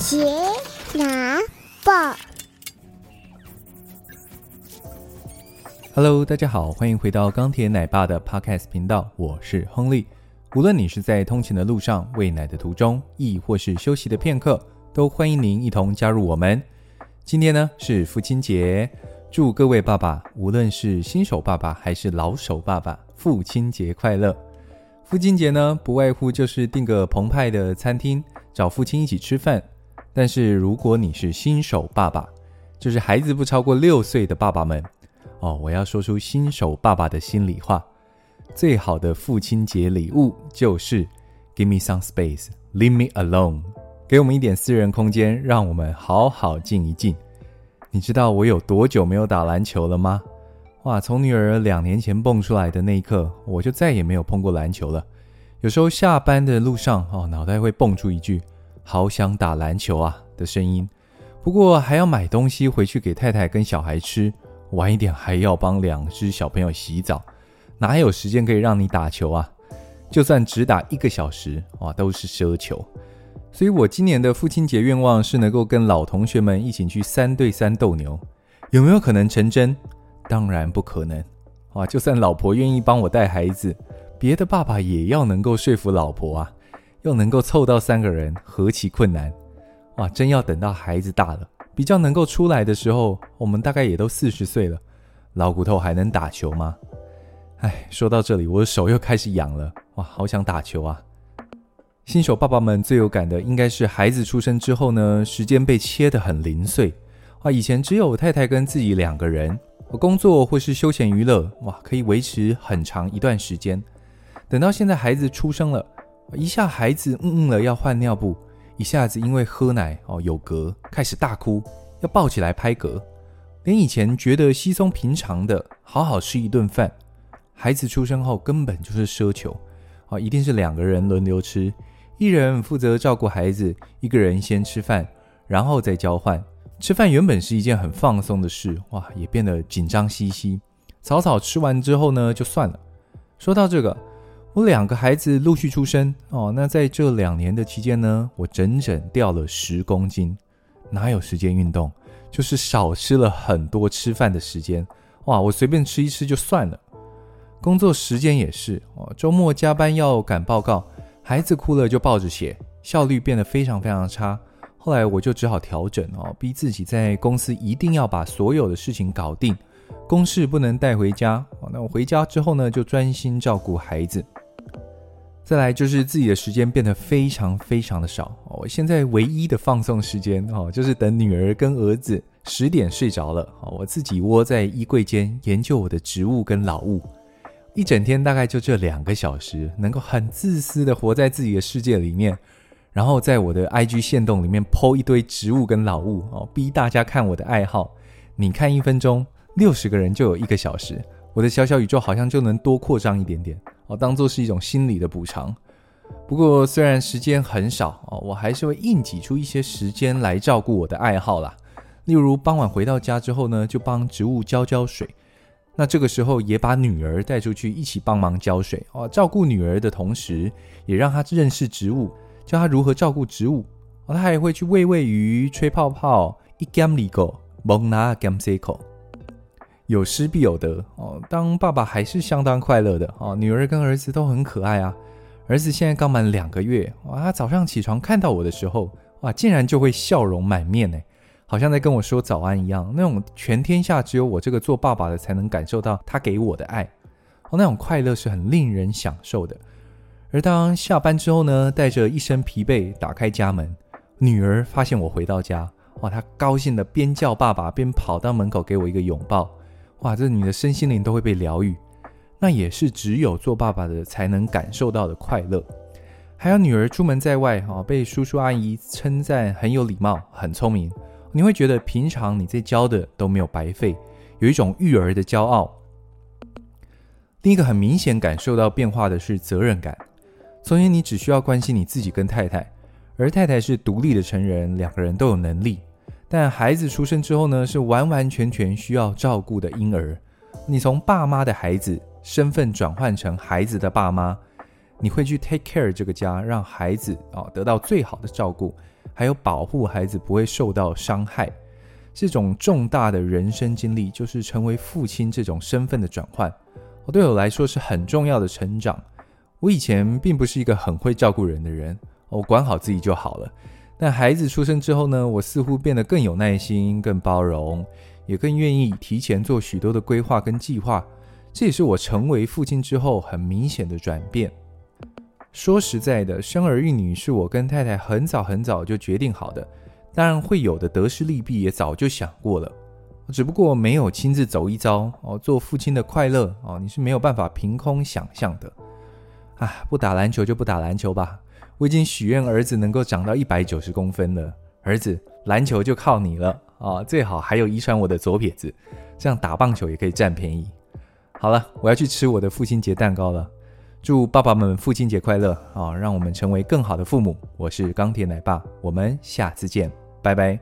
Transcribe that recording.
傑拿報，Hello，大家好，歡迎回到鋼鐵奶爸的 Podcast 頻道，我是亨利。無論你是在通勤的路上、餵奶的途中，亦或是休息的片刻，都歡迎您一同加入我們。今天呢是父親節，祝各位爸爸，無論是新手爸爸還是老手爸爸，父親節快樂！父親節呢不外乎就是訂個澎湃的餐廳，找父親一起吃飯。但是如果你是新手爸爸，就是孩子不超過六歲的爸爸們，哦，我要說出新手爸爸的心裡話。最好的父親節禮物就是，Give me some space, leave me alone，給我們一點私人空間，讓我們好好靜一靜。你知道我有多久沒有打籃球了嗎？哇，從女兒兩年前蹦出來的那一刻，我就再也沒有碰過籃球了。有時候下班的路上，哦，腦袋會蹦出一句。好想打籃球啊的聲音，不過還要買東西回去給太太跟小孩吃，晚一點還要幫兩隻小朋友洗澡，哪有時間可以讓你打球啊？就算只打一個小時啊，都是奢求。所以我今年的父親節願望是能夠跟老同學們一起去三對三鬥牛，有沒有可能成真？當然不可能啊！就算老婆願意幫我帶孩子，別的爸爸也要能夠說服老婆啊。又能夠湊到三個人，何其困難！哇，真要等到孩子大了，比較能夠出來的時候，我們大概也都四十歲了，老骨頭還能打球嗎？哎，說到這裡，我的手又開始癢了，哇，好想打球啊！新手爸爸們最有感的應該是孩子出生之後呢，時間被切得很零碎。哇，以前只有太太跟自己兩個人，工作或是休閒娛樂，哇，可以維持很長一段時間。等到現在孩子出生了。一下孩子嗯嗯了，要換尿布，一下子因為喝奶哦有嗝開始大哭，要抱起來拍嗝。連以前覺得稀鬆平常的好好吃一頓飯，孩子出生後根本就是奢求啊！一定是兩個人輪流吃，一人負責照顧孩子，一個人先吃飯，然後再交換。吃飯原本是一件很放鬆的事，哇，也變得緊張兮兮，草草吃完之後呢就算了。說到這個。我兩個孩子陸續出生哦，那在這兩年的期間呢，我整整掉了十公斤，哪有時間運動？就是少吃了很多吃飯的時間，哇，我隨便吃一吃就算了。工作時間也是哦，週末加班要趕報告，孩子哭了就抱着寫，效率變得非常非常差。後來我就只好調整哦，逼自己在公司一定要把所有的事情搞定，公事不能帶回家哦。那我回家之後呢，就專心照顧孩子。再來就是自己的時間變得非常非常的少。我現在唯一的放鬆時間哦，就是等女兒跟兒子十點睡着了哦，我自己窩在衣櫃間研究我的植物跟老物，一整天大概就這兩個小時，能夠很自私的活在自己的世界裡面，然後在我的 IG 限動裡面 po 一堆植物跟老物哦，逼大家看我的愛好。你看一分鐘，六十個人就有一個小時，我的小小宇宙好像就能多擴張一點點。我當做是一種心理的補償，不過雖然時間很少，我還是會硬擠出一些時間來照顧我的愛好啦。例如傍晚回到家之後呢，就幫植物澆澆水。那這個時候也把女兒帶出去一起幫忙澆水，照顧女兒的同時，也讓她認識植物，教她如何照顧植物。她還會去餵餵魚、吹泡泡。有失必有得哦，當爸爸還是相當快樂的哦。女兒跟兒子都很可愛啊。兒子現在剛滿兩個月，哇，他早上起床看到我的時候，哇，竟然就會笑容滿面呢，好像在跟我說早安一樣。那種全天下只有我這個做爸爸的才能感受到他給我的愛，哦，那種快樂是很令人享受的。而當下班之後呢，帶着一身疲憊打開家門，女兒發現我回到家，哇，她高興的邊叫爸爸邊跑到門口給我一個擁抱。哇，這女的身心靈都會被療癒，那也是只有做爸爸的才能感受到的快樂。還有女兒出門在外啊、哦，被叔叔阿姨稱讚很有禮貌、很聰明，你會覺得平常你這教的都沒有白費，有一種育兒的驕傲。另一個很明顯感受到變化的是責任感，從前你只需要關心你自己跟太太，而太太是獨立的成人，兩個人都有能力，但孩子出生之後呢，是完完全全需要照顧的嬰兒。你從爸媽的孩子身份轉換成孩子的爸媽，你會去 take care 這個家，讓孩子啊得到最好的照顧，還有保護孩子不會受到傷害。這種重大的人生經歷，就是成為父親這種身份的轉換。對我來說是很重要的成長。我以前並不是一個很會照顧人的人，我管好自己就好了。但孩子出生之後呢，我似乎變得更有耐心、更包容，也更願意提前做許多的規劃跟計劃。這也是我成為父親之後很明顯的轉變。說實在的，生兒育女是我跟太太很早很早就決定好的，當然會有的得失利弊也早就想過了，只不過沒有親自走一遭哦，做父親的快樂哦，你是沒有辦法憑空想象的。哎，啊，不打籃球就不打籃球吧。我已經許願兒子能夠長到一百九十公分了。兒子，籃球就靠你了啊、哦！最好還有遺傳我的左撇子，這樣打棒球也可以占便宜。好了，我要去吃我的父親節蛋糕了。祝爸爸們父親節快樂啊、哦！讓我們成為更好的父母。我是鋼鐵奶爸，我們下次見，拜拜。